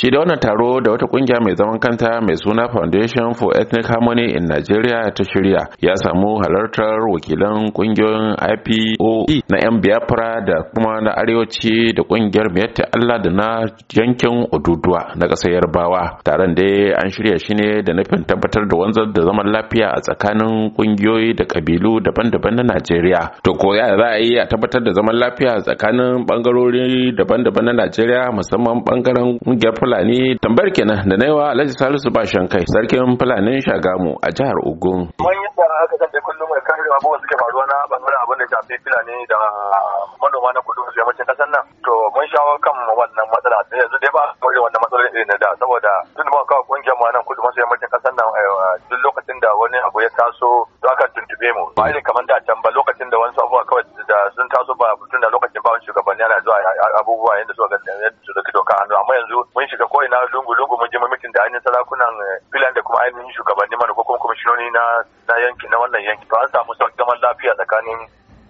shi da wannan taro da wata kungiya mai zaman kanta mai suna foundation for ethnic harmony in nigeria ta shirya ya samu halartar wakilan kungiyoyin ipoe na yan biafra da kuma na arewaci da kungiyar miyatta allah da na yankin oduduwa na ƙasar yarbawa taron dai an shirya shi ne da nufin tabbatar da wanzar da zaman lafiya a tsakanin kungiyoyi da kabilu daban-daban na nigeria to ko ya za a yi a tabbatar da zaman lafiya a tsakanin bangarori daban-daban na nigeria musamman bangaren kungiyar fulani tambayar kenan da naiwa alhaji salisu ba kai sarkin fulanin shagamu a jihar ogun manyan da aka kace kullum mai kare suke faruwa na abin da da manoma na kudu su yammacin kasan nan to mun shawo kan wannan matsala yanzu dai ba mu da wannan matsalolin irin da saboda tun ba kungiyar mu nan kudu masu yammacin kasan nan eh, duk lokacin da wani abu ya taso to aka tuntube mu ba irin kamar da can ba lokacin da hannu amma yanzu mun shiga ko ina lungu lungu mun je mun mitin da ainihin sarakunan eh, filan da kuma ainihin shugabanni mana ko kuma kwamishinoni na na yanki na wannan yanki to an samu sauki zaman lafiya tsakanin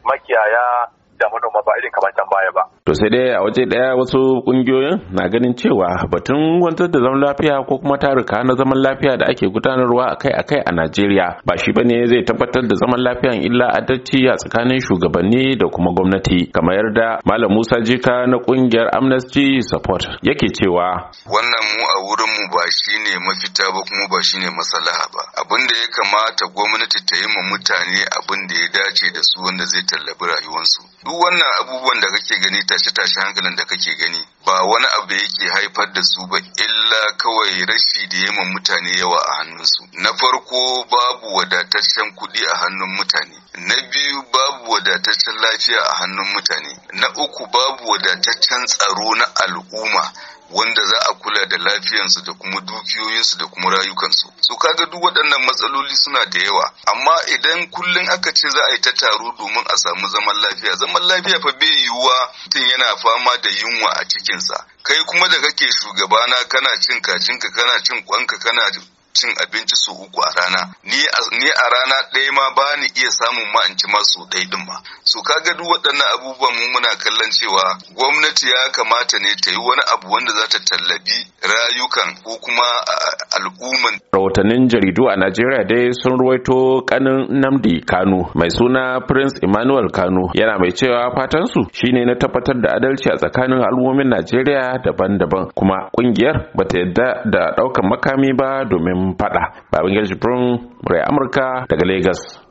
makiyaya manoma ba irin kamar can baya ba to sai dai a waje daya wasu kungiyoyin na ganin cewa batun wanzar da zaman lafiya ko kuma taruka na zaman lafiya da ake gudanarwa akai-akai a Najeriya ba shi bane zai tabbatar da zaman lafiyan illa adalci a tsakanin shugabanni da kuma gwamnati kamar yarda Malam Musa Jika na kungiyar Amnesty Support yake cewa wannan mu a wurin mu ba shine mafita ba kuma ba shine maslaha ba abin da ya kamata gwamnati ta yi ma mutane abin da ya dace da su wanda zai tallabi rayuwarsu duk wannan abubuwan da kake gani tashe-tashe hankalin da kake gani ba wani abu yake haifar da su ba illa kawai rashi da yaman mutane yawa a hannunsu na farko babu wadataccen kuɗi a hannun mutane na biyu babu wadataccen lafiya a hannun mutane na uku babu wadataccen tsaro na al'umma wanda za a kula da lafiyansu da kuma dukiyoyinsu da kuma rayukansu su kaga duk waɗannan matsaloli suna da yawa amma idan kullum aka ce za a yi ta taro domin a samu zaman lafiya zaman lafiya fa bai yiwuwa mutum yana fama da yunwa a cikinsa kai kuma da kake shugabana kana cin kajinka kana cin kwanka kana cin abinci su uku a rana ni a rana ɗaya ma ba ni iya samun ma in ci ma su ɗaya din ba su kaga duk waɗannan abubuwan mu muna kallon cewa gwamnati ya kamata ne ta yi wani abu wanda za ta tallabi rayu rayukan ko kuma al'umman. Rahotannin jaridu a Najeriya dai sun ruwaito kanin Namdi Kanu mai suna Prince Emmanuel Kano. yana mai cewa fatansu shine na tabbatar da adalci a tsakanin al'ummomin Najeriya daban-daban kuma kungiyar ta yadda da daukan makami ba domin fada. Babangir Jibrin, Murai Amurka daga Lagos.